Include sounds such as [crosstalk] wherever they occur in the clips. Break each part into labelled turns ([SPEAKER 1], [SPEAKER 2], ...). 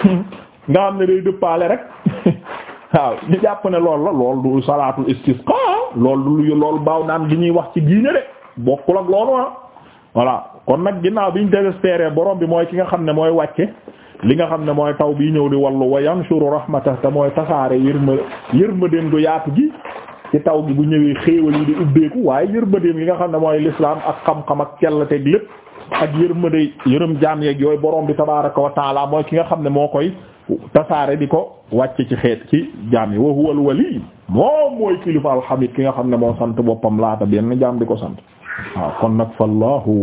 [SPEAKER 1] [laughs] nga xam ne day dëppaale rek [laughs] waaw ñu jàpp ne lool la lool du salaatul istisqa lool du lool baaw naan gi ñuy wax ci giine de bokkul ak loolu ah voilà kon nag ginnaaw bi ñu désespéré borom bi mooy ki nga xam ne mooy wàcce li nga xam ne mooy taw bi ñëw di wallu wa yanshuru rahmata te mooy tasaare yërma yërmandeem du yaatu gi ci taw gi bu ñëwee xéewal yi di ubbeeku waaye yërmandeem li nga xam ne mooy l'islam ak xam-xam ak cell teg lépp ak yërmande yërëm jaam yeeg yooyu borom bi tabaaraka wa taala mooy ki nga xam ne moo koy tasaare di ko wàcce ci xeet ci jaam yi wa huwal wali moom mooy kilifa alhamid ki nga xam ne moo sant boppam laata benn jaam di ko sant waaw kon nag fallahu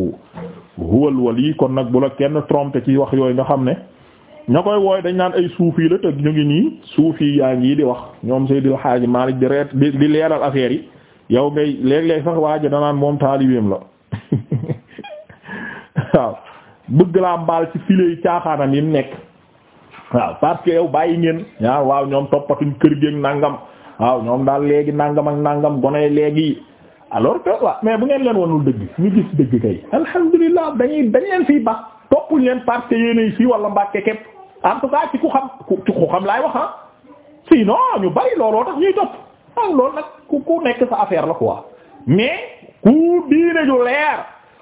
[SPEAKER 1] huwal wali kon nag bu la kenn trompé ci wax yooyu nga xam ne ña koy wooy dañ naan ay suufi la te ñu ngi nii suufi yaa ngi di wax ñoom Seydil Haaji Maalik di reet di leeral affaire yi yow ngay léeg-léeg sax waaji danaan moom taalibeem la waaw bëgg laa mbaal ci filet yi caaxaanam yi nekk waaw parce que bàyyi ngeen yaa ah, waaw ñoom toppatuñ kër gi ak nangam waaw ñoom daal léegi nangam ak nangam gone léegi alors que waaw mais bu ngeen leen wanul dëgg ñu gis dëgg kay alhamdulilah dañuy dañ leen fii baax toppuñ leen parce que yéenay fii wala mbàkke képp en tout cas ci ku xam ci ku xam laay wax ah sinon ñu bari looloo tax ñuy topp waaw loolu nag ku ku nekk sa affaire la quoi mais ku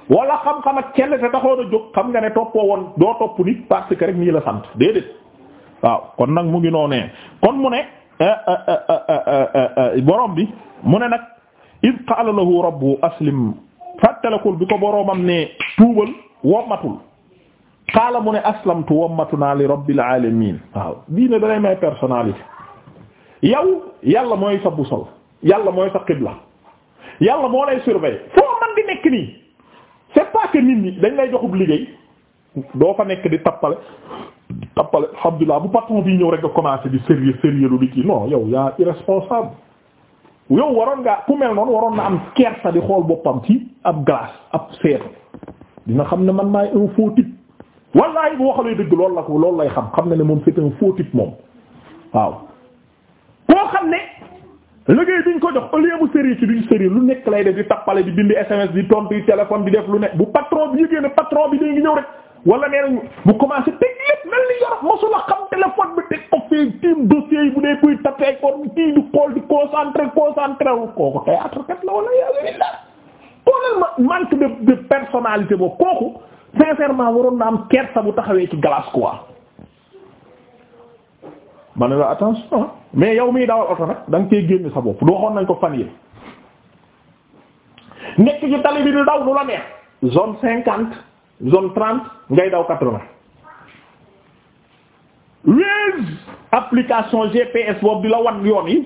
[SPEAKER 1] wala xam-xam ak kenn te taxoon a jóg xam nga ne toppoo woon doo topp nit parce que rek nii la sant déedéet waaw kon nag mu ngi noonu nee kon mu ne eh, eh, eh, borom bi mu ne nag iz qaala lahu rabbu aslim fàttalakul bi ko boromam ne tuubal wommatul qaala mu ne aslamtu wommatu naa li rabbil alamin waaw diine danay may personnalité yow yàlla mooy sa busal yàlla mooy sa qibla yàlla moo lay surveiller foo man di nekk nii c'est pas que nit ñi dañ lay joxub liggéey doo fa nekk di tappale tappale alhamdulilah bu patron bi ñëw rek a commencé di sérieux sérieux lu di kii non yow yaa irresponsable yow waroon nga ku mel noonu waroon na am kersa di xool boppam ci ab glace ab seetu dina xam ne man maay un faux type wallahi bu waxalee dëgg loolu la ko loolu lay xam xam na ne moom c'est un faux moom waaw koo xam ne liggéey biñ ko jox au lieu mu sérieux ci lu nekk lay def di tappale di bindi SMS di tontu téléphone di def lu nekk bu patron bi yëgee ne patron bi dee ngi ñëw rek wala nee nañu bu commencé teg lépp mel ni yorof mosu la xam téléphone bi teg ko fee tiim dossier yi bu dee kuy tapé kon kii di xool di concentré concentré wu kooku théâtre kat la wala yàlla illa xoolal ma manque de de personnalité boobu kooku sincèrement waroon na am kersa bu taxawee ci glace quoi. ma ne la attention mais yow miy dawal oto nag danga nga koy génn sa bopp du waxoon nañ ko fan yi nekk ci tali bi di daw lu la neex zone cinquante zone trente ngay daw quatre-vingts Waze application GPS boobu di la wan yoon yi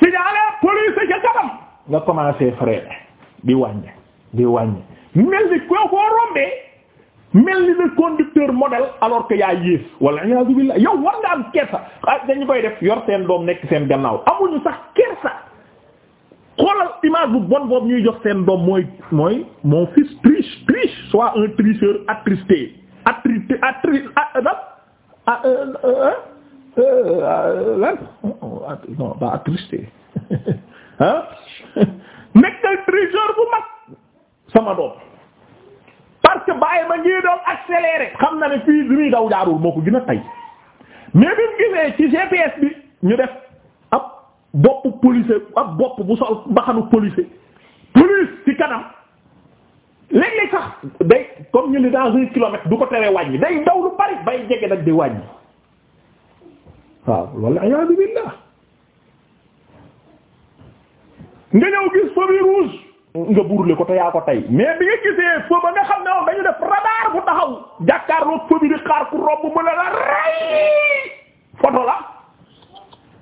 [SPEAKER 1] signalé police ca kanam nga commencé freiner di wàññi di wàññi mel ni koo koo rombee mel ni le conducteur modèle alors que yaa yées wala iyaazu billah yow war nga am kersa ah dañu koy def yor seen doom nekk seen gannaaw amuñu sax kersa xoolal image bu bon boobu ñuy jox seen doom mooy mooy mon fils triche triche soit un tricheur attristé attristé attri ah, ah, ah euh, euh, euh, lan oh, oh, non ba attristé ah [laughs] [laughs] nekkal tricheur bu mag sama doom. parce que bàyyi ma ngi doon accéléré xam na ne fii bi muy daw jaarul moo ko gën a tay mais bi mu gisee ci GPS bi ñu def ab boppu police ab bopp bu sol mbaxanu police police ci kanam léeg-léeg sax day comme ñu ni dans un kilomètre du ko teree wàññi day daw lu bari bay jege nag di wàññi waaw walla ayaadu billah nga ñëw gis famille rouge nga burle ko te ko tey mais bi nga gisee fo ba nga xam ne wax dañu def radar bu taxaw jàkkaarloog fo bi di xaar ku romb mu la la ray photo la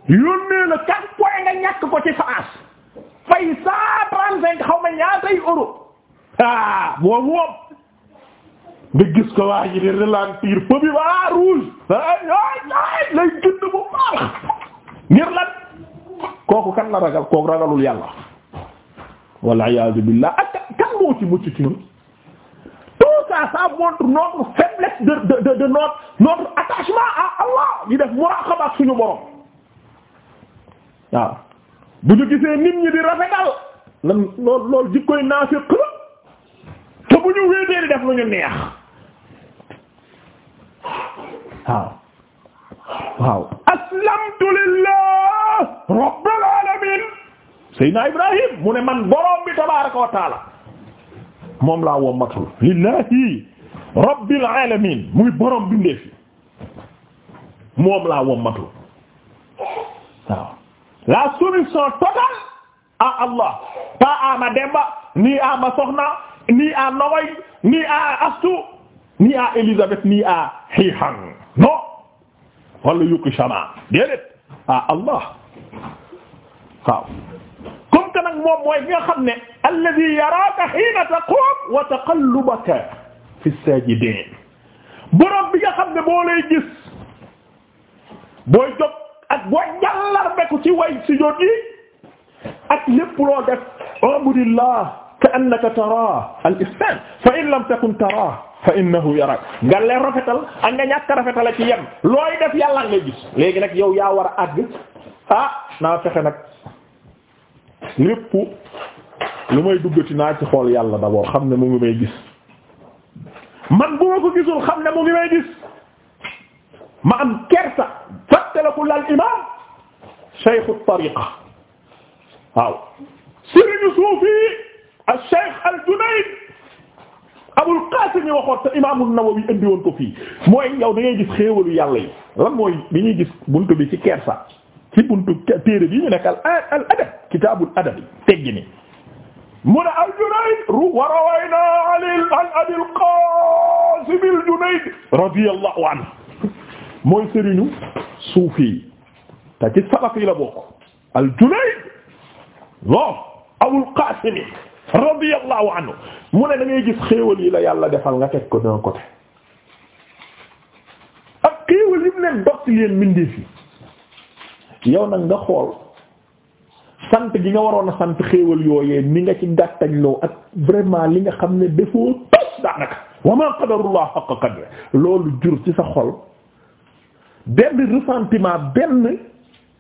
[SPEAKER 1] yónnee la quatre points nga ñàkk ko ci France fay cent trente-cinq xaw ma ñaatay euro ah moom moom nga gis ko waa ji di ralentir fo bi waa rouge ay lay jënd bu baax ngir lan kooku kan la ragal kooku ragalul yàlla walla iyaazu billah ak kan ci mucc ci ñun tout ça ça montre notre faiblesse de de de notre attachement à Allah di def muraqaba suñu borom waaw bu ñu gisee nit ñi di rafetal lan lool lool jikkoy naafiq la te bu ñu wéetee di def lu ñu neex waaw waaw aslamtu lillah rabbil Seydina Ibrahim mu ne man borom bi tabaaraka wa taala moom laa wommatul lillahi rabbil alamin muy borom bindeef moom laa wommatul la soumission totale à Allah pas à ma ni à ma ni à Nogoy ni à Astu ni à Élisabeth ni à Hihan non wala yukki shama déedéet à Allah nag moom mooy ki nga xam ne alladhi yaraaka hiina taquum wa taqallubaka fi saajidiin borom bi nga xam ne boo lay gis booy jóg ak booy jàllar beku ci way sujjóot yi ak lépp loo def abudillah ka annaka taraah al ihsaan fa in lam takun taraah fa innahu yarak nga leen rafetal ak nga ñàkk rafetal a ci yem looy def yàlla ngay gis léegi nag yow yaa war a àgg ah naa fexe nag lépp lu may duggati naa ci xool yàlla d'abord xam ne mu ngi may gis man bu ma ko gisul xam ne mu ngi may gis ma am kersa fàttaliku lal imaam shaykhu tariqa waaw sëriñu suufi ash-shaykh al-Junayd Abul Qaasim waxoon te imaam an-Nawawi indi woon ko fii mooy yow da gis xéewalu yàlla yi lan mooy bi ñuy gis bunt bi ci kersa ci buntu téere bi ñu nekk al adab kitaabul adab teggi ni mun a al Junayd ru wa rawayna alil Qaasim al Junayd radiyallahu anhu mooy sëriñu suufi te ci salaf yi la bokk al Junayd loo abul Qaasim radiyallahu anhu mu ne da ngay gis xéewal yi la yàlla defal nga teg ko d'un côté ak xéewal yi mu leen dox ci leen mindeef yi yow nag nga xool sant gi nga waroon a sant xéewal yooyee ni nga ci gàttañ loo ak vraiment li nga xam ne defoo tos daanaka wa ma qadarullah haqqa qadri loolu jur ci sa xol benn ressentiment benn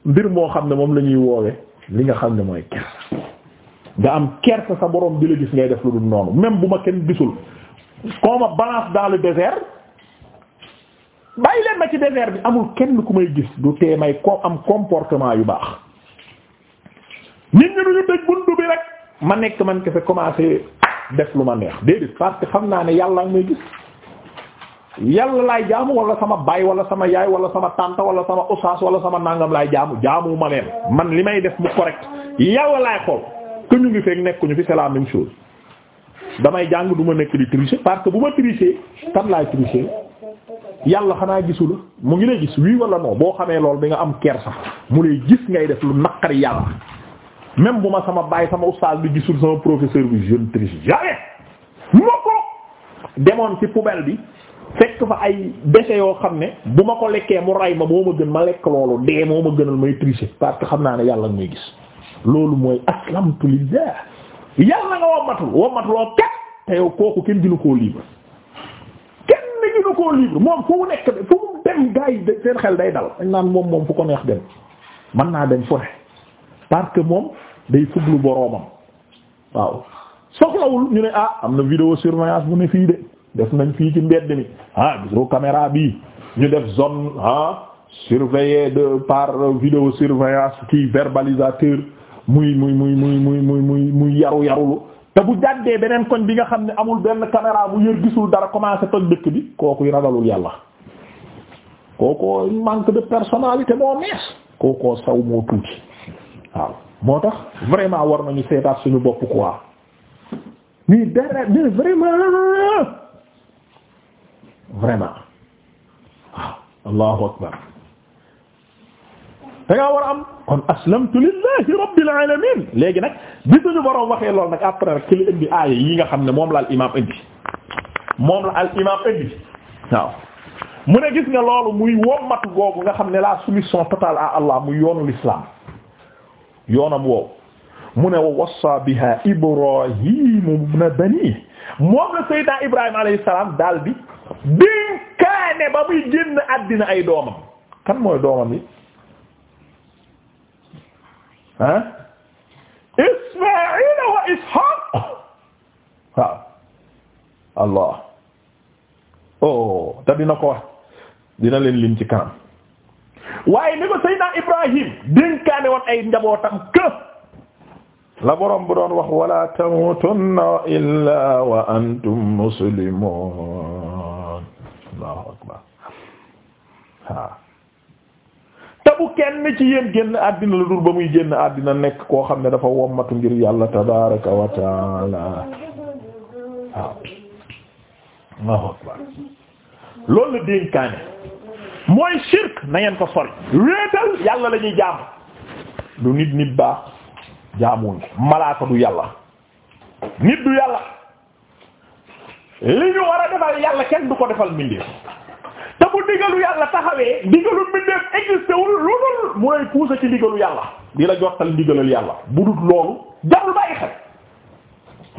[SPEAKER 1] mbir moo xam ne moom la ñuy woowe li nga xam ne mooy kersa nga am kersa sa borom di la gis ngay def lu dul noonu même bu ma kenn gisul koo balance dans désert bàyyi leen ma ci désert bi amul kenn ku may gis du tee may ko am comportement yu baax nit ñi duñu tëj buntu bi rek ma nekk man kese commencé def lu ma neex déedéet parce que xam naa ne yàlla may gis yàlla laay jaamu wala sama baay wala sama yaay wala sama tante wala sama oustaz wala sama nangam laay jaamu jaamu ma leen man li may def mu correct yàlla laay xool que ngi fekk nekkuñu fi selaa la même damay jàng du ma nekk di tricher parce que bu ma tricher kan laay tricher. yàlla xanaa gisu mu ngi lay gis wii wala non boo xamee lool bi nga am kersa mu lay gis ngay def lu naqari yàlla même bu ma sama bàyyi sama oustaz bi gisul sama professeur bi je ne triche moo ko demoon ci poubelle bi fekk fa ay déchets yoo xam ne bu ma ko lekkee mu ray ma moo ma gën ma lekk loolu dee moo ma gënal may tricher parce que xam naa ne yàlla muy gis loolu mooy aslamtu lillah yàlla nga wommatul wommatuloo kat te yow kooku kenn gënu koo libre moom fu mu nekk fu mu dem gars yi seen xel day dal dañ naan moom moom fu ko neex dem mën naa dem fu ne parce que moom day fuglu boroomam waaw soxlawul ñu ne ah am na vidéo surveillance bu ne fii de def nañ fii ci mbedd mi ah gis caméra bii ñu def zone ah surveillée de par vidéo surveillance kii verbalisateur muy muy muy muy muy muy muy muy yaru yarulu te bu jàddee beneen koñ bi nga xam ne amul benn caméra bu yër gisul dara commencé toj dëkk bi kookuy ragalul yàlla kookoo manque de personnalité moo mees kookoo saw moo tuuti waaw moo tax vraiment war nañu seetaat suñu bopp quoi nii dara mais vraiment vraiment allahu akbar da ngaa war a am kon aslamtu lillahi rabbil alamin léegi nag bi suñu borom waxee lool nag après rek indi aaya yi nga xam ne moom la al imam indi moom la al imam indi waaw mu ne gis nga loolu muy wommatu googu nga xam ne la soumission totale à Allah muy yoonu l'islam yoonam woowu mu ne wa wassa biha ibrahimu ibn bani moom la sayyida ibrahima alayhi salaam daal bi dénkaane ba muy génn àddina ay doomam kan mooy doomam yi ah ismaila wa ishaq waaw allah oh te dina ko wax dina leen lim ci kanam waaye ni ko Seydina Ibrahim dénkaane woon ay njabootam kë la borom bu doon wax wala tamutunna illa wa antum muslimun allahu akbar te bu kenn ci yéen génn àddina la dul ba muy génn àddina nekk koo xam ne dafa wommatu ngir yàlla tabaaraka wa taala waaw waaw loolu la dénkaane mooy shirk na ko sori wéetal yàlla la jaamu du nit nit baax jaamuwuñ ko du yàlla nit du yàlla li ñu war a defal yàlla kenn du ko defal mbindeef bu ndigalu yàlla taxawee ndigalu mbindeef existé wul lu dul mooy puusa ci ndigalu yàlla di la jottal ndigalal yàlla bu dul loolu jarul bàyyi xel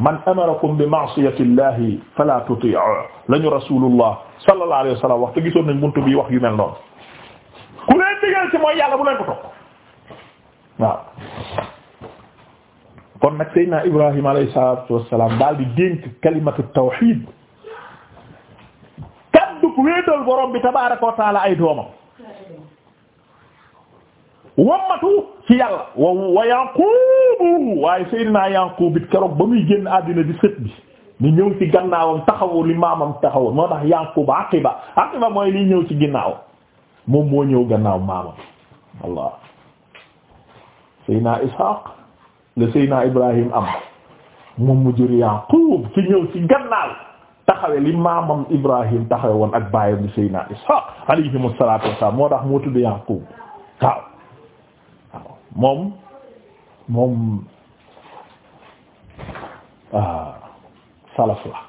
[SPEAKER 1] man amarakum bi ma'siyati llahi fala tuti'u lañu rasulullah sallallahu wax te gisoon nañ buntu bi wax yu mel noonu ku leen digal ci mooy yàlla bu leen ko topp waaw kon nag Seydina Ibrahima alayhi salaatu wassalaam daal di dénk kalimatu tawhid wéetal borom bo tabaaraka wa taala ay doomam wammatu ci yàlla wa wa Yaquubu waaye Seydina Yaquub it keroog ba muy génn àddina di sët bi ni ñëw ci gannaawam taxawu li maamam taxawu moo tax Yaquub aqiba aqiba mooy liy ñëw ci ginnaaw moom moo ñëw gannaaw maamam Allah Seydina Ishaq le Seydina Ibrahim am moom mu jur Yaquub ci ñëw ci gannaaw taxawe li maamam Ibrahim taxawe woon ak baayam bi Seydina Ishaq alayhimu salaatu wassalaam moo tax moo tudd Yaqub waaw waaw moom moom ah, salaf la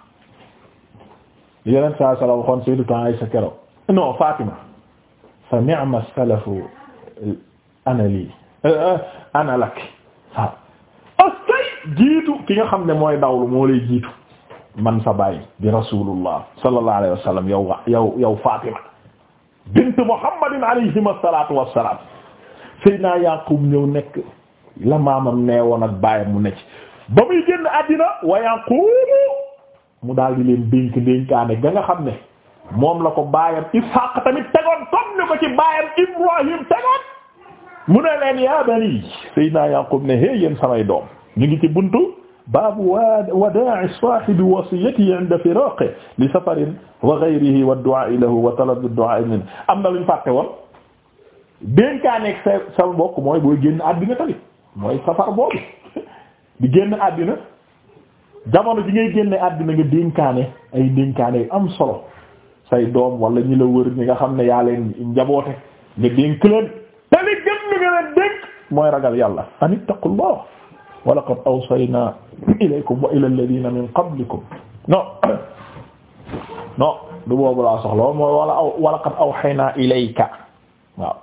[SPEAKER 1] li yeneen saa salaf waxoon Sayyidatu Aisha kero non Fatima fa ni'ma salafu ana lii eh, ana lak waaw jiitu ki nga xam ne mooy dawlu moo lay jiitu man sa baay di rasulullah sallallahu alayhi yow yow yow Fatima bint Muhammadin alayhi as-salatu wassalam Seydina ñëw nekk la maamam nee woon ak baayam mu nekk ba muy génn àddina wa Yaqub mu daal di leen dénk dénkaane ga nga xam ne moom la ko baayam Ishaq tamit tegoon comme ni ko ci baayam Ibrahim tegoon mu ne leen yaa bani Seydina Yaqub ne hey samay doom ñu ngi ci buntu. baabu wadaa'i saahibi wasiyatihi 'inda firaaqihi li safarin wa ghayrihi wa du'aa'i lahu wa talabi du'aa'i minhu am na lu ñu fàtte woon dénkaaneeg sa sa mbokk mooy booy génn àddina tamit mooy safar boobu [laughs] di génn àddina jamono ji ngay génne àddina nga dénkaane ay dénkaane yu am solo say doom wala ñila la wër ñi nga xam ne yaa leen njaboote nga dénk leen te li nga leen dénk mooy ragal yàlla an ittaqullah wa laqad awsayna ilaykum wa ila alladhina min qablikum non [coughs] non du boobu laa soxla woon mooy wala aw wa laqad awhayna ilayka waaw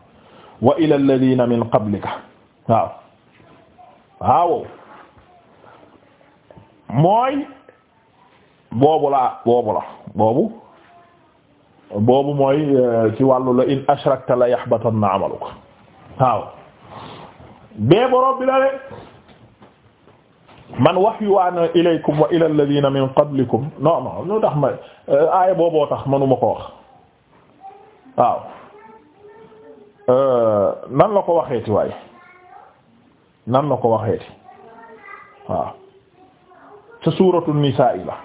[SPEAKER 1] wa ila alladhina min qablika waaw waaw mooy boobu laa boobu la boobu boobu mooy euh, ci wàllu la in ashrakta la yahbatanna amaluka waaw bee borom bi la de man wahyu ana ilaykum wa ila alladhina min qablikum non non lu tax ma euh, aaya booboo tax manuma ko wax waaw euh, nan la ko waxeeti waay nan la ko waxeeti waaw te suuratu nisaa la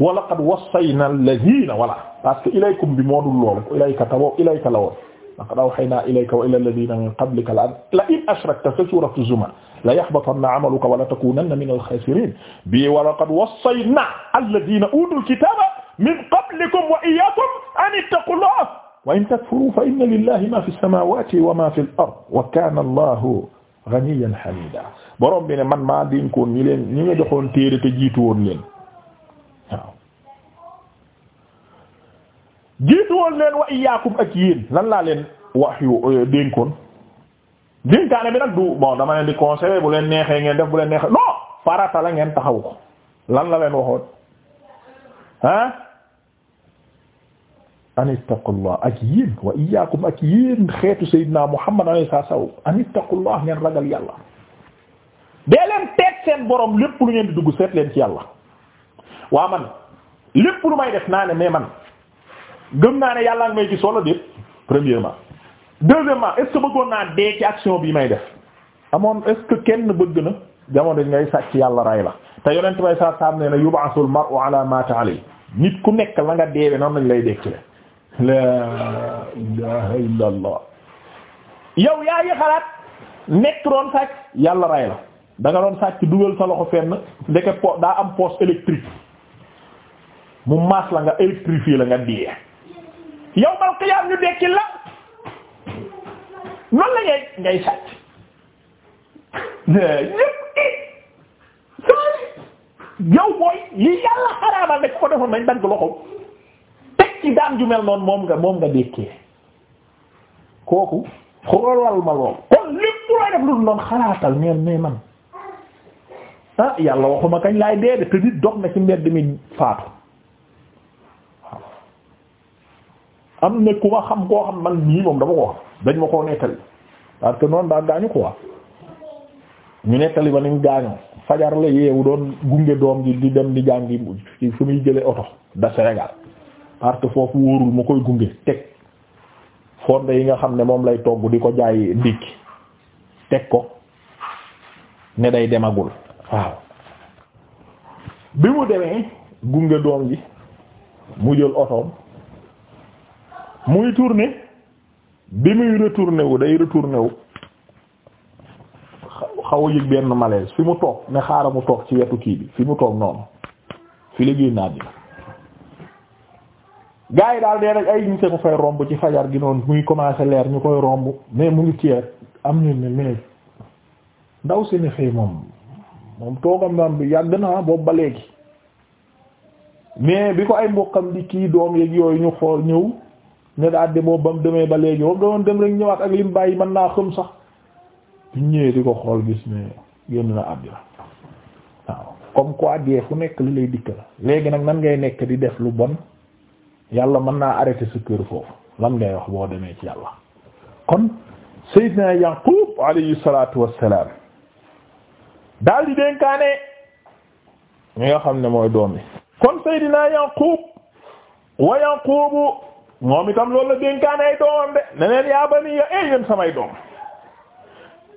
[SPEAKER 1] wa laqad wassayna alladhina wala parce que ilaykum bi moo dul loolu ilayka taw ilayka la woon laqad awhaynaa ilayka wa ilaa allaziina min qablika la in ashrakta sa suuratu zumar la yahbatanna amaluka wa la takuunanna mina al-khaasiriin bii wa laqad wassaynaa allaziina uutul kitaaba min qablikum wa iyyaakum an ittaqullaah wa in takfuruu fa inna lillaahi maa fi samaawaati wa maa fi al-ard wa kaana allaahu ganiyyan hamiidaa borom bi ne man maa dénkoon ñi leen ñi nga joxoon téere te jiitu woon leen jiitu leen wa iyaakum ak yéen lan laa leen wax yu euh, dénkoon dénkaane bi nag du bon dama leen di conseiller bu leen neexee ngeen def bu leen neexee non farata la ngeen taxaw ko lan la leen waxoon ah an ittaqullah ak yéen wa iyaakum ak yéen xeetu sayyidina Muhammad alayhi salaam an ittaqullah ngeen ragal yàlla dee leen teet seen borom lépp lu ngeen di dugg seet leen ci yàlla waa man lépp lu may def naa ne mais man gëm naa ne yàlla ngi may gis solo déet premièrement deuxièmement est bëggoon naa dee ci action bi may def amoon est-ce que kenn bëgg na jamono ngay sàcc yàlla ray la te yonent bay saa saam nee na yub'asul mar'u ala mata alay nit ku nekk la nga deewe noonu lañ lay dekkile laa ilaha illa allah yow yaa ngi xalaat nekk doon sàcc yàlla ray la da doon sàcc dugal sa loxo fenn ndeke po daa am poste électrique mu maas la nga électrifié la nga diyee yawmal qiyaam ñu dekki la noonu la ngay ngay sàcc ñépp i li yàlla xaraamal dañ ko defoon nañ dagg loxo teg ci daan ju mel moom nga moom nga dékkee kooku xuralal ma lool kon lépp looy def lu dul noonu xalaatal neen ne man ah yàlla waxuma kañ laay dee de te nit dox na ci mbedd mi faatu am ne ku ma xam koo xam man ñii moom dama ko wax dañ ma koo nettali parce que noonu daal gaañu quoi ñu nettali ba ni gaañoo fajar la yeewu doon gunge doom ji di dem di jàngi ci fu muy jëlee oto da senegal parce que foofu wóorul ma koy gunge teg fonde yi nga xam ne moom lay togg di ko jaay ndikki teg ko ne day demagul waaw bi mu demee gunge doom ji mu jël otoom muy tourner bi muy retourner wu day retourner wu xaw a yëg benn malaise fi mu toog ne xaaral mu toog ci wetu kii bi fi mu toog noonu fi naa génn àddina gaa yi daal dee rek ay nit ko fay romb ci fajar gi noonu muy commencer leer ñu koy romb mais mu ngi ceeb am ñu ne mais ndaw si ne moom moom toogam naan bi yàgg naa boobu ba léegi mais bi ko ay mboqam di kii doom yeeg yooyu ñu xool ñëw ne daa demoo ba mu demee ba léegi moom doon dem rek ñëwaat ak mu bàyyi mën naa xam sax bu di ko xool gis ne génn na àddina waaw comme quoi dee fu nekk li lay dikk la léegi nag nan ngay nekk di def lu bon yàlla mën naa arrêté sa kër foofu lan ngay wax boo demee ci yàlla kon Seydina Yaqub alayhi salatu wassalam daal di dénkaane ñi xam ne mooy doom bi kon Seydina Yaqub wa Yaqubu moom itam lool la dénkaane ay doomam de ne leen yaa bani ya eh yéen samay doom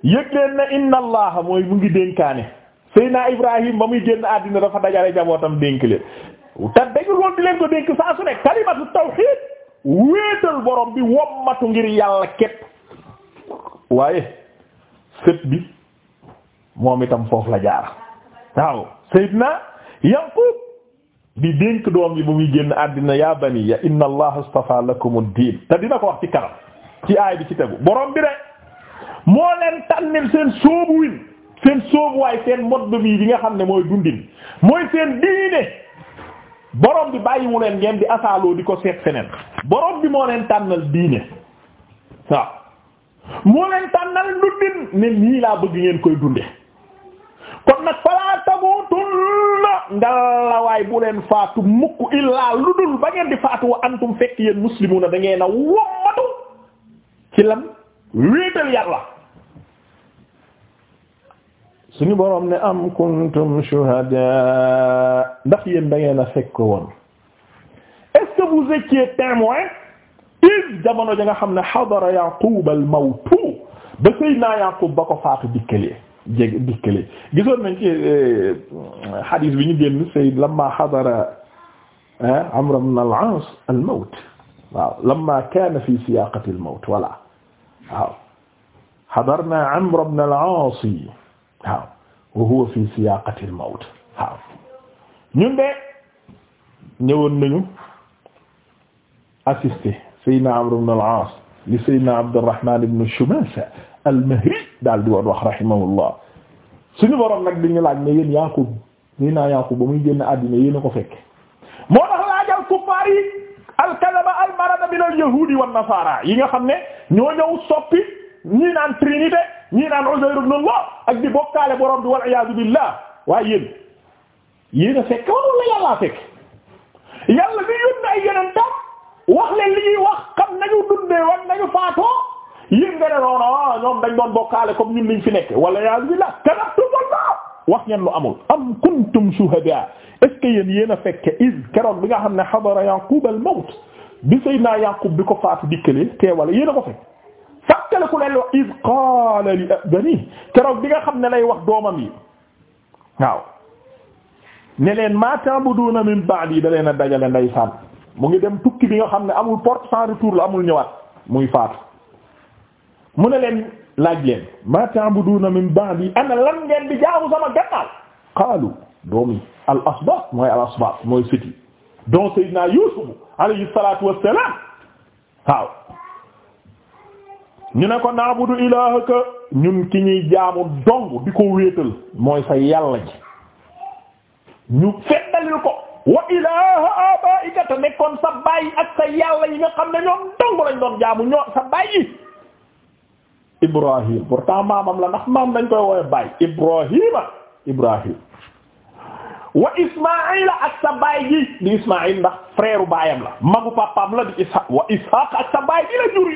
[SPEAKER 1] yëg leen ne mooy mu ngi dénkaane Seyna Ibrahim ba muy génn àddina dafa dajale jabootam dénk leen te dañu loolu di leen ko dénk saa su ne kalimatu tawhid wéetal borom bi wommatu ngir yàlla képp waaye sët bi moom itam foofu la jaar waaw Seydina Yaqub di dénk doom yi bu muy génn àddina ya baniya inna allaha astafa lakum ad te dina ko wax ci kanam ci aay bi ci tegu borom bi de moo leen tànnil seen sóobu win seen sóobuwaay seen mode de vie bi nga xam ne mooy dundin mooy seen diine borom bi bàyyiwu leen ngeen di asaaloo di ko seet feneen borom bi moo leen tànnal diine waaw moo leen tànnal dundin ne nii laa bëgg ngeen koy dunde kon nag ngalawaay bu leen faatu mukk illaa lu dul ba ngeen di faatu wa antum fekk yéen muslimuna da ngeen a wommatu ci lan wéetal yàlla suñu boroom ne am kuntum shuhada ndax yéen da ngeen fekk woon est-ce que témoin is jamono ja nga xam ne hadara yaqub al mawtu ba sëy naa yaqub ba ko faatu dikkalee jég dikkale gisoon nañ ci hadith eh, bi ñu génn sayyid lamma hadara eh, amr ibn al-aas al-mawt waaw lamma kaana fi siyaaqati al-mawt voilà waaw hadarna amr ibn al-aas waaw wa huwa fi siyaaqati al-mawt waaw ñun de ñëwoon nañu assister sayyidna amr ibn al-aas li sayyidna abd al-rahman ibn shumasa al-mahri daal di woon wax rahimahullah suñu borom nag dañu laaj ne yéen Yaaqub nii naa Yaaqub ba muy génn àddina yéen a ko fekk moo tax laajal kuffaar yi al-kadaba al-marada min al-yahuudi wan-nasaara yi nga xam ne ñoo ñëw soppi ñii naan trinité ñii naan Uzayr ibn Allah a fekk wala yàllaa fekk ñoom dañ doon kaale comme ñun liñ fi nekk wala yal bi la kanam tuutal naa wax ngeen lu amul am kuntum shuhada est-ce que yéen yéen a fekke keroog bi nga xam ne xadara yaqub al mawt bi sayyidina yaqub bi ko faatu dikkalee teewale yéen ko fekk fàttale ku keroog bi nga xam ne lay wax doomam yi waaw ne leen ma na min yi da leen a dajale ndeysaan mu ngi dem tukki bi nga xam ne amul porte sans retour la amul ñëwaat muy faatu mu ne leen laaj leen ma na min ba'di ana lan ngeen di jaamu sama gannaaw qaalu doomi al asbab mooy al asbab mooy siti donc Seydina Yuusuf alayhi salaatu wassalaam waaw ñu ne ko na'budu ilaahaka ñun ki ñuy jaamu dong di ko wéetal mooy sa yàlla ji ñu feddalil ko wa ilaaha aabaa'ika te nekkoon sa baay ak sa yàlla yi nga xam ne ñoom dong lañ doon jaamu ñoo sa baay yi Ibrahim pourtant maamam la ndax maam dañ koy woowe baay Ibrahima Ibrahim wa Ismaa'ila ak sa baay ji di Ismaa'il ndax frère baayam la magu papaam la di Ishaq wa Ishaq ak sa ji la jur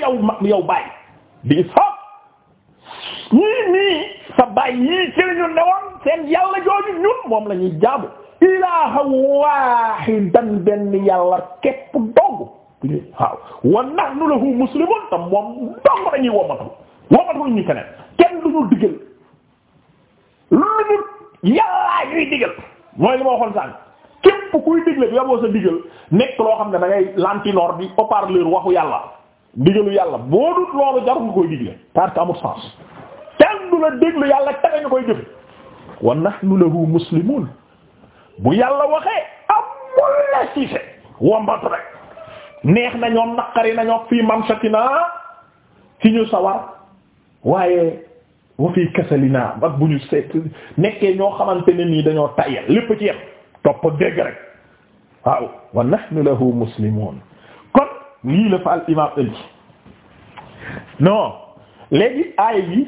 [SPEAKER 1] yow baay di Ishaq ñii nii sa baay yii ci lañu newoon seen yàlla jooju ñun moom la ñuy jaamu ilaaha waahidan benn yàlla képp dong wa nahnu lahu muslimun tam moom dong la ñuy womatu waxatuñ ñu keneen kenn du ñu digal loolu yàllaa ñuy digal mooy li ma waxoon sànq képp kuy digle bi yaboo sa digal nekk loo xam ne dangay ngay lantinoor bi haut-parleur waxu yàlla digalu yàlla boo dut loolu jarul nga koy digle parce que amul sens kenn du la déglu yàlla tege ñu koy jëf wa nahnu lahu muslimun bu yàlla waxee amul la siise wombatu rek neex na ñoom naqari na fii mamsatina ci ñu sawar waaye wa fii kasalinaa ak bu ñu seet nekkee ñoo xamante ne nii dañoo tayal lépp ci yem topp dégg rek waaw wa nahnu lahu muslimun kon lii la fa al imam indi non léegi aaya yi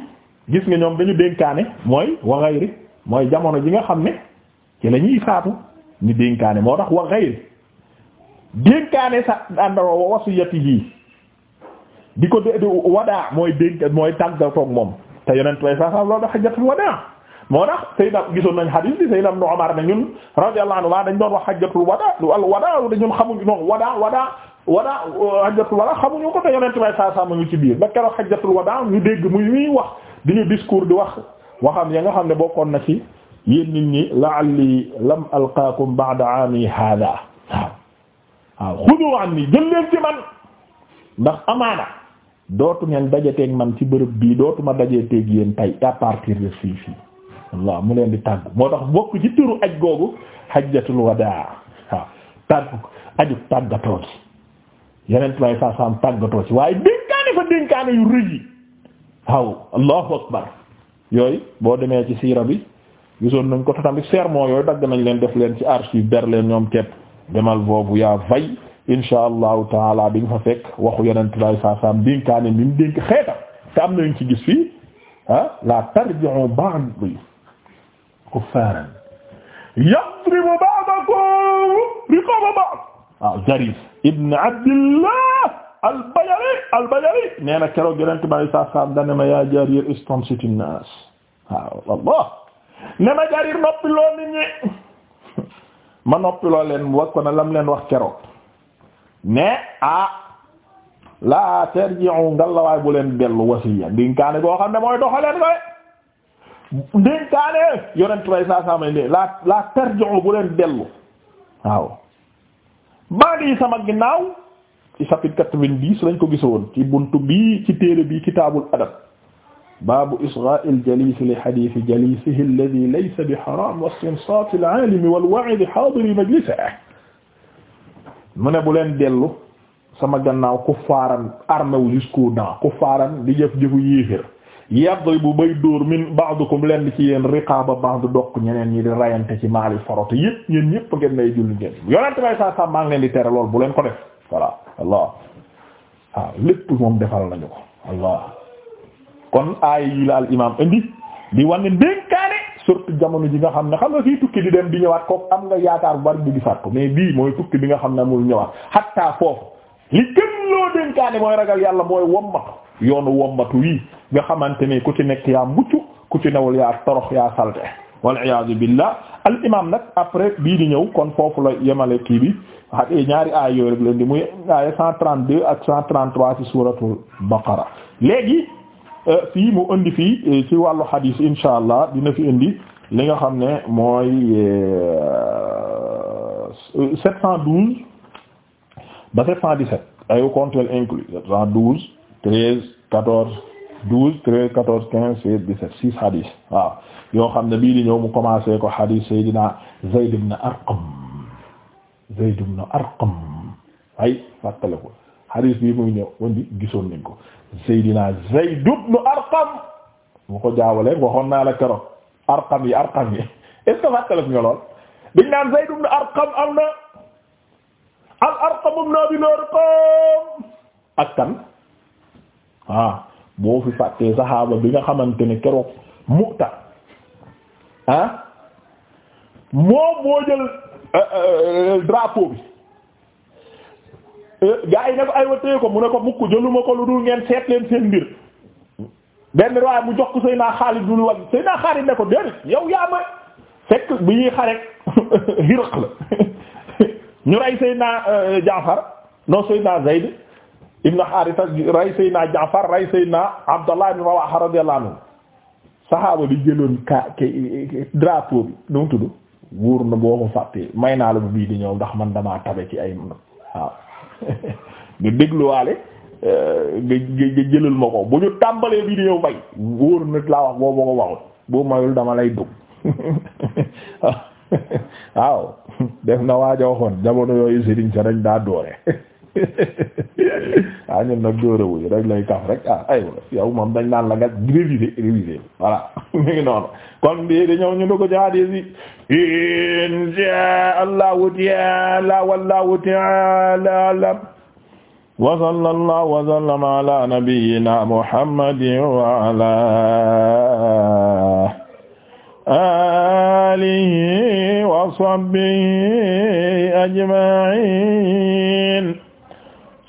[SPEAKER 1] gis nga ñoom dañu dénkaane mooy wa ghayri mooy jamono ji nga xam ne ci la ñuy faatu ñu dénkaane moo tax wa ghayri dénkaane sa àndawa wa wasiyatihi di ko dédi wadaa mooy dénk mooy tàggatoog moom te yonent way saa loolu da xajjatul wadaa moo tax Seydina gisoon nañ hadith bi Seydina Ibn Umar ne ñun radiyallahu anhu dañ doon wax xajjatul wadaa lu al wadaa dañun xamuñu noonu wadaa wadaa wadaa xajjatul wadaa xamuñu ko te yonent way saa saa mu ngi ci biir ba keroog xajjatul wadaa ñu dégg muy ñuy wax di ñu discours di wax waxam ya nga xam ne bokkoon na ci yéen nit ñi la'alli lam alqaakum ba'da aami haadaa waaw waaw xudu anni jël leen ci ndax amaana dootu ngeen dajateeg man ci bërëb bii dootuma dajateeg yéen tey à partir de fii fii walla mu leen di tàggu moo tax bokk ci turu aj googu hajjatul wadaa waaw tàggu aju tàggatoo ci yeneen tubaab yi am tàggatoo ci waaye dénkaane fa dénkaane yu rëy yi waaw allahu akbar yooyu boo demee ci siira bi gisoon nañ ko te tamit sermon yooyu dagg nañ leen def leen ci archive Berlin ñoom képp demal boobu yaa vay insha allahu taala di nga fa fekk waxu yonent bi saa saam dénkaane bi mu dénk xeetam te am nañ ci gis fii ah la tarji'u ba'di kuffaaran yadribu ba'dakum riqaaba ah, ibn Abdillah al-Bajali al-Bajali nee na keroog yonent bi saam ma yaa Jarir istamsit an-naas ah, ne ma Jarir noppi loo [laughs] ma noppi loo leen wax ko na lam leen wax keroog. ne ah laa terji'u ngallawaay bu leen dellu wasiya ndénkaane boo xam ne mooy doxaleen koy ndénkaane yonent bay saa saa may ndénk laa laa terji'u bu sama ginnaaw ci chapitre quatre vingt lañ ko gisoon ci buntu bi ci téere bii kitaabul adab baabu israa'il jaliisi li hadiisi jaliisihi alladhi laysa bi haraam wa istinsaati al-aalimi wal waa'idi haadiri majlisihi mu ne bu leen dellu sama gannaaw kuffaaran armé wu jusqu'aux dents kuffaaran di jëf jëfu yéefér yadribu bay dóor min ba'dukum lenn ci yéen riqaba ba'd doq ñeneen ñi di rayante ci maali forote yëpp ñeen ñëpp ngeen nay julli ngeen yonente bay saa sam maa ngi leen di tere lool bu leen ko def voilà allah waaw ah, lépp moom defal nañu ko allah kon aaya yi la al imam indi di wane dénkaane surtout jamono ji nga xam ne xam nga fii tukki di dem di ñëwaat ko am nga yaakaar bu bari bu gisaat ko mais bii mooy tukki bi nga xam ne amul ñëwaat hatta foofu li gën loo dénkaane mooy ragal yàlla mooy wommatu yoonu wommatu wii nga xamante ni ku ci nekk yaa mucc ku ci newul yaa torox yaa salte wal iyaazu billah al imam nag après bii di ñëw kon foofu la yemale kii bi ak ñaari aay yooyu rek leen di muy aaya 132 ak 133 ci suuratul baqara léegi Euh, fii mu indi fii euh, ci wàllu hadis insha allah dina fi indi li nga xam ne mooy 712 euh, ba 717 ay compteurs inclus 712 13 14 12 13 14 15 16 17 6 hadis waaw yoo xam ne bii di ñëw mu commencé ko hadis Seydina Zayd ibn Arqam Zayd ibn Arqam ay fàttale ko hadis bii muy ñëw indi gisoon nañ ko. Seydina Zayd ibn Arqam ko jaawalee waxoon naa la keroog Arqam yi Arqam yi est ce que fàttali nga lool dañ naan Zayd ibn Arqam am na al Arqam ibn Abi Arqam ak kan ah boo fi fàttee saxaaba bi nga xamante ni keroog Mu'ta ah moom moo jël euh, euh, drapeau bi. gaa yi ne ko ay wa ko mu ne ko mukk jëluma ko lu dul ngeen seet seen mbir benn waaye mu jox ko Seydina Xaalid dul wag Seydina Xaalid ne ko déedéet yow yaa ma fekk bi ñuy xarek [laughs] Hiraq la [laughs] ñu rey Seydina euh, Jaafar non Seydina Zayd ibn Haarisa rey Seydina Jaafar rey Seydina Abdallah ibn Rawaaha radiyallahu anhu saxaaba bi jëloon ka drapeau bi nu mu tudd wóor na boo ko fàttee may naa la bu bii di ñëw ndax man dama tabe ci ay waaw [laughs] nga dégluwaale euh, nga nga jëlal ma ko bu ñu tàmbalee vidéo bay wóor nit laa wax boo ko waxut boo mayul dama lay dugg [laughs] waaw def na waaja waxoon jamono yooyu sëriñ sa dañ daa doore [laughs] ah ñun nag dóorawuñu rek lay kaf rek ah aywa yow moom dañ naan la nga révisé révisé [laughs] kon bii da ñëw ñu da ko jaadis yi insha allahu taala ala nabiyyina muhammadin wa ala